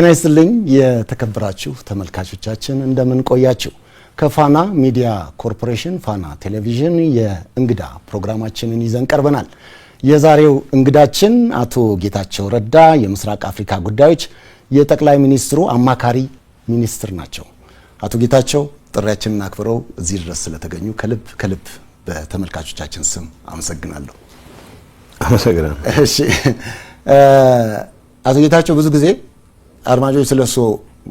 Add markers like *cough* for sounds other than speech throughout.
ጤና ይስጥልኝ የተከበራችሁ ተመልካቾቻችን፣ እንደምን ቆያችሁ? ከፋና ሚዲያ ኮርፖሬሽን ፋና ቴሌቪዥን የእንግዳ ፕሮግራማችንን ይዘን ቀርበናል። የዛሬው እንግዳችን አቶ ጌታቸው ረዳ የምስራቅ አፍሪካ ጉዳዮች የጠቅላይ ሚኒስትሩ አማካሪ ሚኒስትር ናቸው። አቶ ጌታቸው ጥሪያችንን አክብረው እዚህ ድረስ ስለተገኙ ከልብ ከልብ በተመልካቾቻችን ስም አመሰግናለሁ። አመሰግናለሁ። እሺ አቶ ጌታቸው ብዙ ጊዜ አድማጮች ስለሱ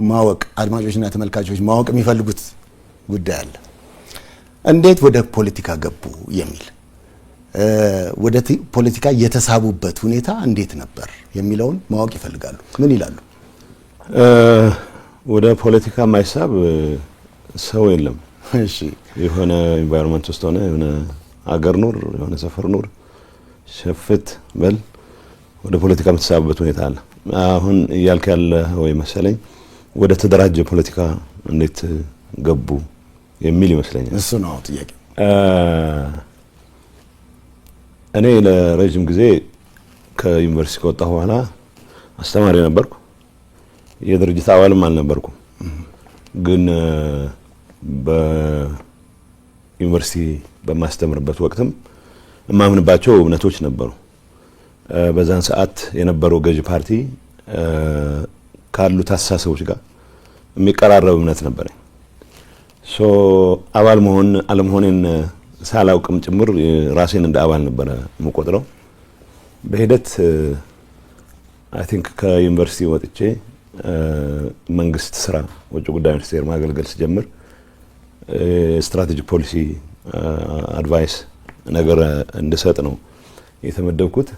ማወቅ አድማጮችና ተመልካቾች ማወቅ የሚፈልጉት ጉዳይ አለ። እንዴት ወደ ፖለቲካ ገቡ የሚል ወደ ፖለቲካ የተሳቡበት ሁኔታ እንዴት ነበር የሚለውን ማወቅ ይፈልጋሉ። ምን ይላሉ? ወደ ፖለቲካ ማይሳብ ሰው የለም። እሺ፣ የሆነ ኢንቫይሮንመንት ውስጥ ሆነ የሆነ አገር ኑር፣ የሆነ ሰፈር ኑር፣ ሸፍት በል ወደ ፖለቲካ የምትሳቡበት ሁኔታ አለ። አሁን እያልክ ያለ ወይ መሰለኝ ወደ ተደራጀ ፖለቲካ እንዴት ገቡ የሚል ይመስለኛል። እሱ ነው ጥያቄ። እኔ ለረጅም ጊዜ ከዩኒቨርሲቲ ከወጣሁ በኋላ አስተማሪ ነበርኩ። የድርጅት አባልም አልነበርኩም። ግን በዩኒቨርሲቲ በማስተምርበት ወቅትም እማምንባቸው እምነቶች ነበሩ። በዛን ሰዓት የነበረው ገዢ ፓርቲ ካሉት አስተሳሰቦች ጋር የሚቀራረብ እምነት ነበረኝ። ሶ አባል መሆን አለመሆኔን ሳላውቅም ጭምር ራሴን እንደ አባል ነበረ የምቆጥረው። በሂደት አይ ቲንክ ከዩኒቨርሲቲ ወጥቼ መንግስት ስራ ውጭ ጉዳይ ሚኒስቴር ማገልገል ስጀምር ስትራቴጂ ፖሊሲ አድቫይስ ነገር እንድሰጥ ነው የተመደብኩት።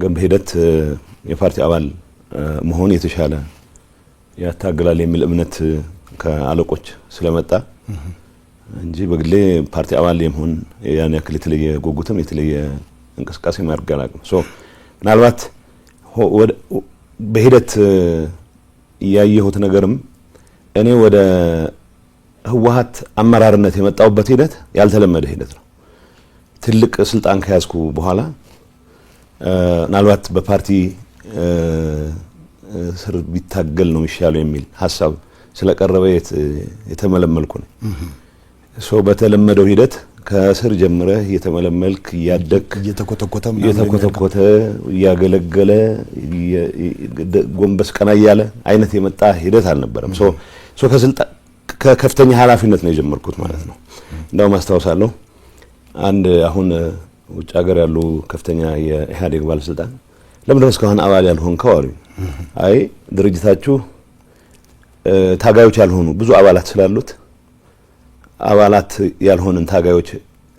ግን በሂደት የፓርቲ አባል መሆን የተሻለ ያታግላል የሚል እምነት ከአለቆች ስለመጣ እንጂ በግሌ ፓርቲ አባል የመሆን ያን ያክል የተለየ ጉጉትም የተለየ እንቅስቃሴ ማርገላቅም ምናልባት በሂደት ያየሁት ነገርም እኔ ወደ ህወሀት አመራርነት የመጣሁበት ሂደት ያልተለመደ ሂደት ነው። ትልቅ ስልጣን ከያዝኩ በኋላ ምናልባት በፓርቲ ስር ቢታገል ነው የሚሻለው የሚል ሀሳብ ስለቀረበ የተመለመልኩ ነው። ሶ በተለመደው ሂደት ከስር ጀምረህ እየተመለመልክ እያደግ እየተኮተኮተ እያገለገለ ጎንበስ ቀና እያለ አይነት የመጣ ሂደት አልነበረም። ከከፍተኛ ኃላፊነት ነው የጀመርኩት ማለት ነው። እንዳውም አስታውሳለሁ አንድ አሁን ውጭ ሀገር ያሉ ከፍተኛ የኢህአዴግ ባለስልጣን ለምንድነው እስካሁን አባል ያልሆንከው አሉኝ። አይ ድርጅታችሁ ታጋዮች ያልሆኑ ብዙ አባላት ስላሉት አባላት ያልሆንን ታጋዮች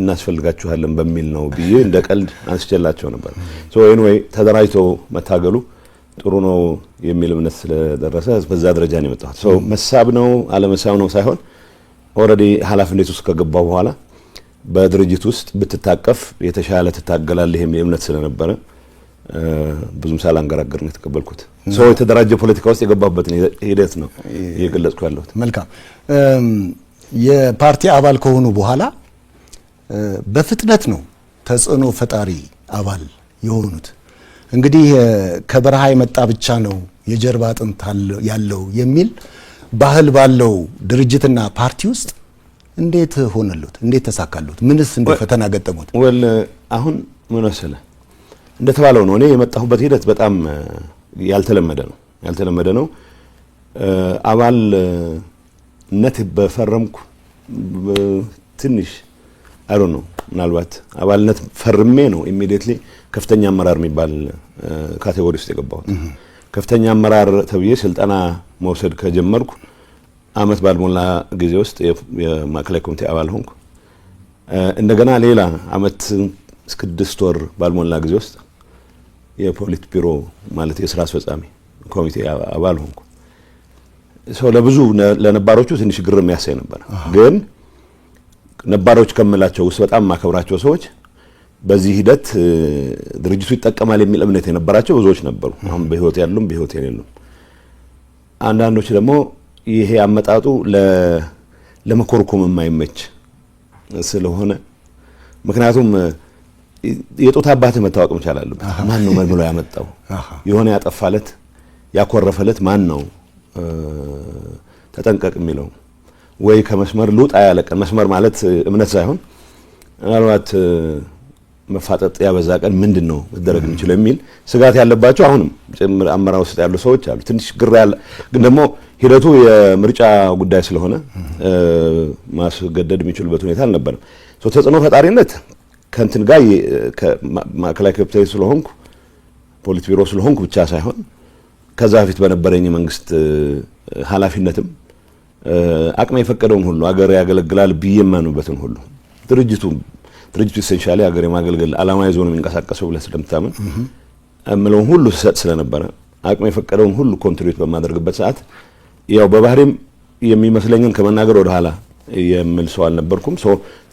እናስፈልጋችኋለን በሚል ነው ብዬ እንደ ቀልድ አንስቼላቸው ነበር። ወይ ተደራጅቶ መታገሉ ጥሩ ነው የሚል እምነት ስለደረሰ በዛ ደረጃ ነው የመጣሁት። መሳብ ነው አለመሳብ ነው ሳይሆን ኦልሬዲ ኃላፊነት ውስጥ ከገባ በኋላ በድርጅት ውስጥ ብትታቀፍ የተሻለ ትታገላለህ የሚል እምነት ስለነበረ ብዙም ሳላንገራገር ነው የተቀበልኩት። ሰው የተደራጀ ፖለቲካ ውስጥ የገባበትን ሂደት ነው እየገለጽኩ ያለሁት። መልካም። የፓርቲ አባል ከሆኑ በኋላ በፍጥነት ነው ተጽዕኖ ፈጣሪ አባል የሆኑት። እንግዲህ ከበረሃ የመጣ ብቻ ነው የጀርባ አጥንት ያለው የሚል ባህል ባለው ድርጅትና ፓርቲ ውስጥ እንዴት ሆነሉት? እንዴት ተሳካሉት? ምንስ እንደ ፈተና ገጠሙት? ወል አሁን ምን መሰለህ እንደተባለው ነው። እኔ የመጣሁበት ሂደት በጣም ያልተለመደ ነው ያልተለመደ ነው። አባልነት በፈረምኩ ትንሽ አሮ ነው ምናልባት አባልነት ፈርሜ ነው ኢሚዲየትሊ ከፍተኛ አመራር የሚባል ካቴጎሪ ውስጥ የገባሁት። ከፍተኛ አመራር ተብዬ ስልጠና መውሰድ ከጀመርኩ አመት ባልሞላ ጊዜ ውስጥ የማዕከላዊ ኮሚቴ አባል ሆንኩ። እንደገና ሌላ አመት ስድስት ወር ባልሞላ ጊዜ ውስጥ የፖሊት ቢሮ ማለት የስራ አስፈጻሚ ኮሚቴ አባል ሆንኩ። ሰው ለብዙ ለነባሮቹ ትንሽ ግር የሚያሳይ ነበር። ግን ነባሮች ከምላቸው ውስጥ በጣም ማከብራቸው ሰዎች በዚህ ሂደት ድርጅቱ ይጠቀማል የሚል እምነት የነበራቸው ብዙዎች ነበሩ። አሁን በህይወት ያሉም በህይወት የሌሉም። አንዳንዶች ደግሞ ይሄ አመጣጡ ለመኮርኮም የማይመች ስለሆነ ምክንያቱም የጦት አባትህ መታወቅ መቻል አለበት። ማን ነው መልምሎ ያመጣው? የሆነ ያጠፋለት ያኮረፈለት ማን ነው? ተጠንቀቅ የሚለው ወይ ከመስመር ልውጣ ያለቀን መስመር ማለት እምነት ሳይሆን ምናልባት መፋጠጥ ያበዛ ቀን ምንድን ነው መደረግ የሚችለው የሚል ስጋት ያለባቸው አሁንም ጭምር አመራር ውስጥ ያሉ ሰዎች አሉ። ትንሽ ግራ ያለ ግን ደግሞ ሂደቱ የምርጫ ጉዳይ ስለሆነ ማስገደድ የሚችሉበት ሁኔታ አልነበረም። ተጽዕኖ ፈጣሪነት ከእንትን ጋር ማዕከላዊ ኮሚቴ ስለሆንኩ ፖሊት ቢሮ ስለሆንኩ ብቻ ሳይሆን ከዛ በፊት በነበረኝ የመንግስት ኃላፊነትም አቅሜ የፈቀደውን ሁሉ አገር ያገለግላል ብዬ የማኑበትን ሁሉ ድርጅቱ ድርጅቱ ኢሴንሻሊ ሀገር የማገልገል አላማ ይዞ ነው የሚንቀሳቀሰው ብለህ ስለምታምን እምለውን ሁሉ ስሰጥ ስለነበረ አቅም የፈቀደውን ሁሉ ኮንትሪቢዩት በማደርግበት ሰዓት ያው በባህሪም የሚመስለኝን ከመናገር ወደ ኋላ የምል ሰው አልነበርኩም።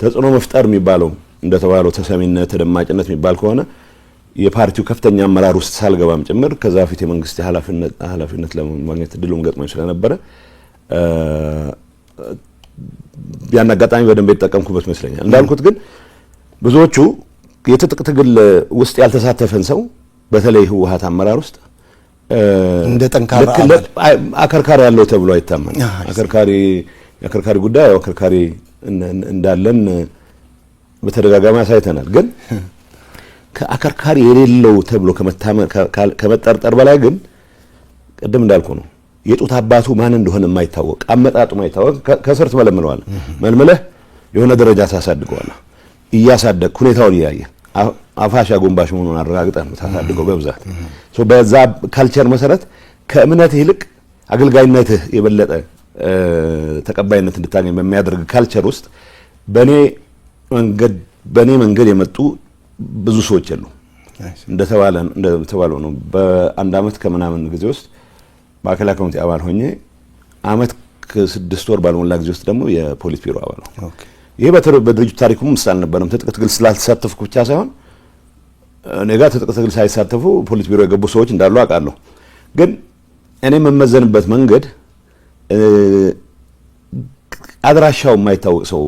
ተጽዕኖ መፍጠር የሚባለው እንደተባለው ተሰሚነት፣ ተደማጭነት የሚባል ከሆነ የፓርቲው ከፍተኛ አመራር ውስጥ ሳልገባም ጭምር ከዛ በፊት የመንግስት ኃላፊነት ለማግኘት እድሉም ገጥሞኝ ስለነበረ ያን አጋጣሚ በደንብ የተጠቀምኩበት ይመስለኛል። እንዳልኩት ግን ብዙዎቹ የትጥቅ ትግል ውስጥ ያልተሳተፈን ሰው በተለይ ህወሀት አመራር ውስጥ እንደ ጠንካራ አከርካሪ ያለው ተብሎ አይታመን። አከርካሪ አከርካሪ ጉዳይ ያው አከርካሪ እንዳለን በተደጋጋሚ አሳይተናል። ግን ከአከርካሪ የሌለው ተብሎ ከመጠርጠር በላይ ግን ቅድም እንዳልኩ ነው የጡት አባቱ ማን እንደሆነ የማይታወቅ አመጣጡ ማይታወቅ ከስር ትመለምለዋለህ፣ መልምለህ የሆነ ደረጃ ታሳድገዋለህ። እያሳደግ ሁኔታውን እያየ አፋሻ ጎንባሽ መሆኑን አረጋግጠን ታሳድገው በብዛት በዛ ካልቸር መሰረት ከእምነት ይልቅ አገልጋይነትህ የበለጠ ተቀባይነት እንድታገኝ በሚያደርግ ካልቸር ውስጥ በእኔ መንገድ በእኔ መንገድ የመጡ ብዙ ሰዎች የሉ። እንደተባለው ነው። በአንድ አመት ከምናምን ጊዜ ውስጥ ማዕከላዊ ኮሚቴ አባል ሆኜ አመት ከስድስት ወር ባልሞላ ጊዜ ውስጥ ደግሞ የፖሊስ ቢሮ አባል ነው። ይሄ በድርጅቱ ታሪኩም አልነበረም ትጥቅ ትግል ስላልተሳተፍኩ ብቻ ሳይሆን እኔ ጋር ትጥቅ ትግል ሳይሳተፉ ፖሊስ ቢሮ የገቡ ሰዎች እንዳሉ አውቃለሁ። ግን እኔ የምመዘንበት መንገድ አድራሻው የማይታወቅ ሰው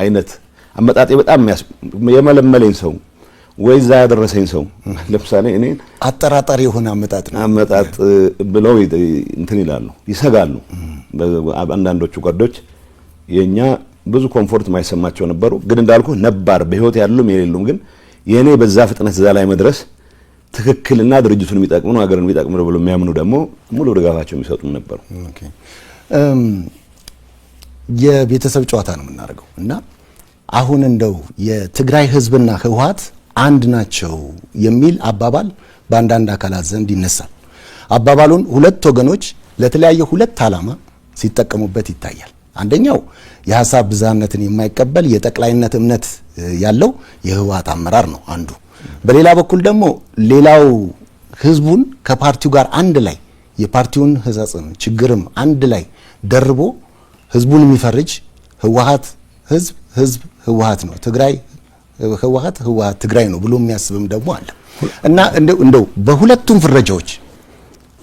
አይነት አመጣጤ በጣም የመለመለኝ ሰው ወይ እዛ ያደረሰኝ ሰው *laughs* ለምሳሌ እኔ አጠራጣሪ የሆነ አመጣጥ አመጣጥ ብለው እንትን ይላሉ፣ ይሰጋሉ። አንዳንዶቹ ጓዶች የእኛ ብዙ ኮምፎርት ማይሰማቸው ነበሩ። ግን እንዳልኩ ነባር በህይወት ያሉም የሌሉም ግን የእኔ በዛ ፍጥነት እዛ ላይ መድረስ ትክክልና ድርጅቱን የሚጠቅሙ ነው ሀገርን የሚጠቅሙ ነው ብሎ የሚያምኑ ደግሞ ሙሉ ድጋፋቸው የሚሰጡም ነበሩ። የቤተሰብ ጨዋታ ነው የምናደርገው እና አሁን እንደው የትግራይ ህዝብና ህወሓት አንድ ናቸው የሚል አባባል በአንዳንድ አካላት ዘንድ ይነሳል። አባባሉን ሁለት ወገኖች ለተለያየ ሁለት ዓላማ ሲጠቀሙበት ይታያል። አንደኛው የሀሳብ ብዝሃነትን የማይቀበል የጠቅላይነት እምነት ያለው የህወሓት አመራር ነው አንዱ። በሌላ በኩል ደግሞ ሌላው ህዝቡን ከፓርቲው ጋር አንድ ላይ የፓርቲውን ህጸጽም ችግርም አንድ ላይ ደርቦ ህዝቡን የሚፈርጅ ህወሓት ህዝብ ህዝብ ህወሓት ነው ትግራይ ህወሓት ህወሓት ትግራይ ነው ብሎ የሚያስብም ደግሞ አለ እና እንደው በሁለቱም ፍረጃዎች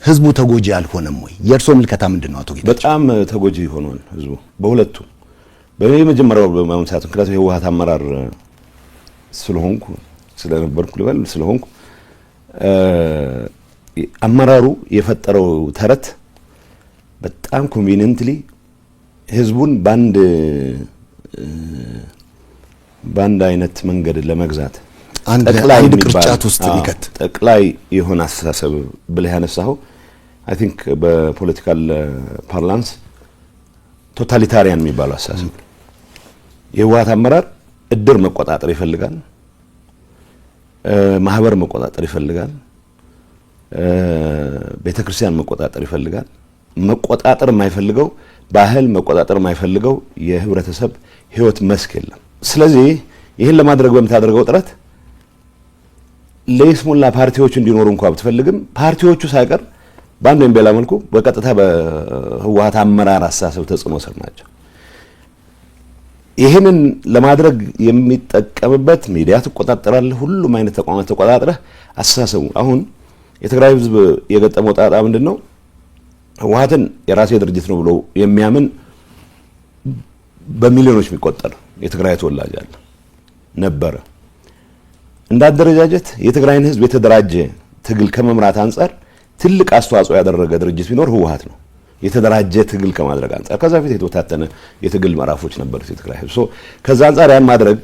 ህዝቡ ተጎጂ አልሆነም ወይ? የእርሶ ምልከታ ምንድን ነው አቶ ጌታቸው? በጣም ተጎጂ ሆኗል ህዝቡ በሁለቱ በመጀመሪያው በማምሳት ምክንያቱም የህወሓት አመራር ስለሆንኩ ስለነበርኩ ልበል ስለሆንኩ አመራሩ የፈጠረው ተረት በጣም ኮንቪኒየንትሊ ህዝቡን በአንድ በአንድ አይነት መንገድ ለመግዛት አንድ ቅርጫት ውስጥ ሊከት ጠቅላይ የሆነ አስተሳሰብ ብለህ ያነሳኸው አይ ቲንክ uh, በፖለቲካል uh, ፓርላንስ ቶታሊታሪያን የሚባለው አስተሳሰብ mm. የህወሀት አመራር እድር መቆጣጠር ይፈልጋል፣ ማህበር መቆጣጠር ይፈልጋል፣ ቤተክርስቲያን መቆጣጠር ይፈልጋል። መቆጣጠር የማይፈልገው ባህል መቆጣጠር የማይፈልገው የህብረተሰብ ህይወት መስክ የለም። ስለዚህ ይህን ለማድረግ በምታደርገው ጥረት ለይስሙላ ፓርቲዎች እንዲኖሩ እንኳ ብትፈልግም ፓርቲዎቹ ሳይቀር በአንድ ወይም በሌላ መልኩ በቀጥታ በህወሀት አመራር አስተሳሰብ ተጽዕኖ ስር ናቸው። ይህንን ለማድረግ የሚጠቀምበት ሚዲያ ትቆጣጠራለህ፣ ሁሉም አይነት ተቋማት ተቆጣጥረህ አስተሳሰቡ አሁን የትግራይ ህዝብ የገጠመው ጣጣ ምንድን ነው? ህወሀትን የራሴ ድርጅት ነው ብሎ የሚያምን በሚሊዮኖች የሚቆጠር የትግራይ ተወላጅ አለ ነበረ። እንደ አደረጃጀት የትግራይን ህዝብ የተደራጀ ትግል ከመምራት አንጻር ትልቅ አስተዋጽኦ ያደረገ ድርጅት ቢኖር ህወሓት ነው። የተደራጀ ትግል ከማድረግ አንጻር ከዛ ፊት የተወታተነ የትግል ምዕራፎች ነበሩ የትግራይ ህዝብ። ከዛ አንጻር ያን ማድረግ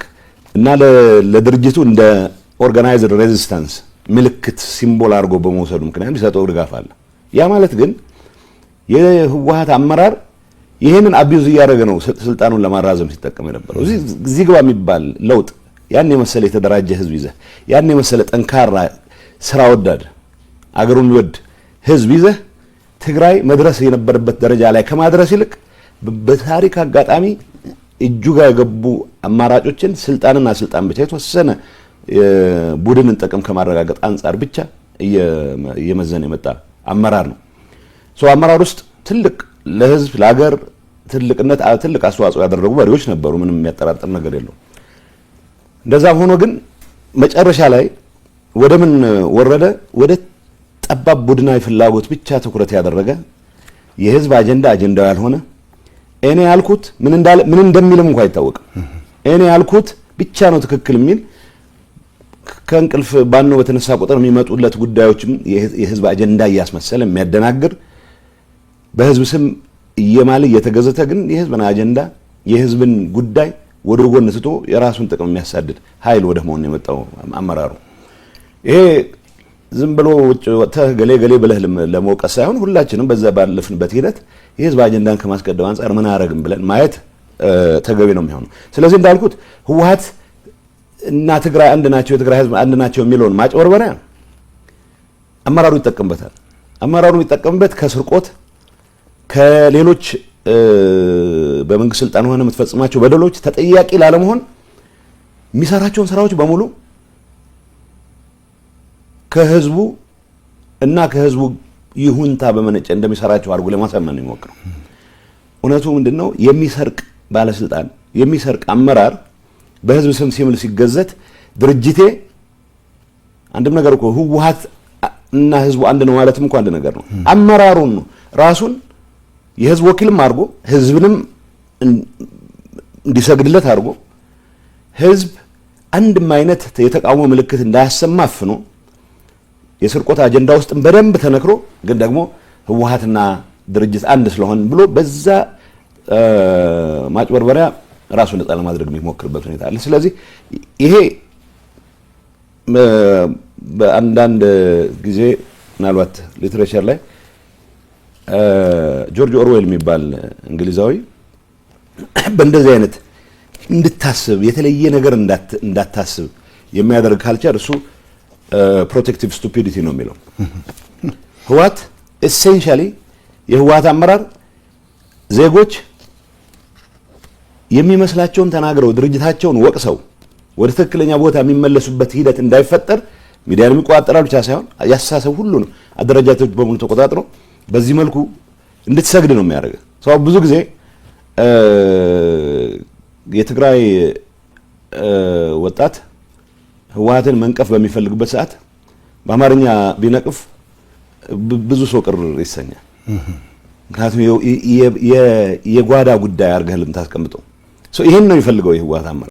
እና ለድርጅቱ እንደ ኦርጋናይዝድ ሬዚስታንስ ምልክት ሲምቦል አድርጎ በመውሰዱ ምክንያት ሊሰጠው ድጋፍ አለ። ያ ማለት ግን የህወሀት አመራር ይህንን አቢዩዝ እያደረገ ነው ስልጣኑን ለማራዘም ሲጠቀም የነበረው። እዚህ ግባ የሚባል ለውጥ ያን የመሰለ የተደራጀ ህዝብ ይዘህ ያን የመሰለ ጠንካራ ስራ ወዳድ አገሩን የሚወድ ህዝብ ይዘህ ትግራይ መድረስ የነበረበት ደረጃ ላይ ከማድረስ ይልቅ በታሪክ አጋጣሚ እጁ ጋር የገቡ አማራጮችን ስልጣንና ስልጣን ብቻ የተወሰነ ቡድንን ጥቅም ከማረጋገጥ አንጻር ብቻ እየመዘን የመጣ አመራር ነው። ሰው አመራር ውስጥ ትልቅ ለህዝብ ለሀገር ትልቅነት ትልቅ አስተዋጽኦ ያደረጉ መሪዎች ነበሩ። ምንም የሚያጠራጥር ነገር የለው። እንደዛም ሆኖ ግን መጨረሻ ላይ ወደ ምን ወረደ? ወደ ጠባብ ቡድናዊ ፍላጎት ብቻ ትኩረት ያደረገ የህዝብ አጀንዳ አጀንዳው ያልሆነ እኔ ያልኩት ምን እንዳለ ምን እንደሚልም እንኳ አይታወቅም። እኔ ያልኩት ብቻ ነው ትክክል የሚል ከእንቅልፍ ባኖ በተነሳ ቁጥር የሚመጡለት ጉዳዮችም የህዝብ አጀንዳ እያስመሰለ የሚያደናግር በህዝብ ስም እየማለ እየተገዘተ ግን የህዝብን አጀንዳ የህዝብን ጉዳይ ወደ ጎን ትቶ የራሱን ጥቅም የሚያሳድድ ኃይል ወደ መሆን የመጣው አመራሩ ይሄ ዝም ብሎ ውጭ ወጥተህ ገሌ ገሌ ብለህ ለመውቀስ ሳይሆን ሁላችንም በዛ ባለፍንበት ሂደት የህዝብ አጀንዳን ከማስቀደም አንጻር ምን አረግም ብለን ማየት ተገቢ ነው የሚሆኑ። ስለዚህ እንዳልኩት ህወሀት እና ትግራይ አንድ ናቸው፣ የትግራይ ህዝብ አንድ ናቸው የሚለውን ማጭበርበሪያ አመራሩ ይጠቀምበታል። አመራሩ የሚጠቀምበት ከስርቆት ከሌሎች በመንግስት ስልጣን ሆነ የምትፈጽማቸው በደሎች ተጠያቂ ላለመሆን የሚሰራቸውን ስራዎች በሙሉ ከህዝቡ እና ከህዝቡ ይሁንታ በመነጨ እንደሚሰራቸው አድርጎ ለማሳመን ነው የሚሞክረው። እውነቱ ምንድን ነው? የሚሰርቅ ባለስልጣን፣ የሚሰርቅ አመራር በህዝብ ስም ሲምል ሲገዘት ድርጅቴ አንድም ነገር እኮ ህወሓት እና ህዝቡ አንድ ነው ማለትም እኮ አንድ ነገር ነው። አመራሩን ነው ራሱን የህዝብ ወኪልም አድርጎ ህዝብንም እንዲሰግድለት አድርጎ ህዝብ አንድም አይነት የተቃውሞ ምልክት እንዳያሰማፍኖ የስርቆት አጀንዳ ውስጥም በደንብ ተነክሮ ግን ደግሞ ህወሀትና ድርጅት አንድ ስለሆን ብሎ በዛ ማጭበርበሪያ ራሱን ነፃ ለማድረግ የሚሞክርበት ሁኔታ አለ። ስለዚህ ይሄ በአንዳንድ ጊዜ ምናልባት ሊትሬቸር ላይ ጆርጅ ኦርዌል የሚባል እንግሊዛዊ በእንደዚህ አይነት እንድታስብ የተለየ ነገር እንዳታስብ የሚያደርግ ካልቸር እሱ ፕሮቴክቲቭ uh, ስቱፒዲቲ ነው የሚለው ህዋት ኤሴንሻሊ የህዋት አመራር ዜጎች የሚመስላቸውን ተናግረው ድርጅታቸውን ወቅሰው ወደ ትክክለኛ ቦታ የሚመለሱበት ሂደት እንዳይፈጠር ሚዲያን የሚቆጣጠራሉ ብቻ ሳይሆን ያሳሰብ ሁሉ ነው አደረጃጀቶች በሙሉ ተቆጣጥሮ በዚህ መልኩ እንድትሰግድ ነው የሚያደርገ ሰው ብዙ ጊዜ uh, የትግራይ uh, ወጣት ህወሓትን መንቀፍ በሚፈልግበት ሰዓት በአማርኛ ቢነቅፍ ብዙ ሰው ቅር ይሰኛል። ምክንያቱም የጓዳ ጉዳይ አድርገህ ልምታስቀምጠው ይህን ነው የሚፈልገው የህወሓት አመራር።